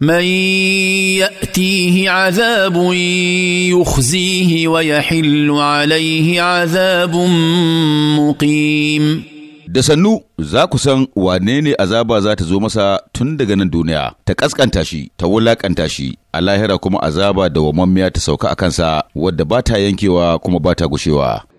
من ياتيه عذاب يخزيه ويحل عليه عذاب مقيم da sannu za ku san wane ne azaba za ta zo masa tun daga nan duniya ta ƙasƙanta shi ta wulaƙanta shi a lahira kuma azaba da wamammiya ta sauka a kansa wadda ba ta yankewa kuma ba ta gushewa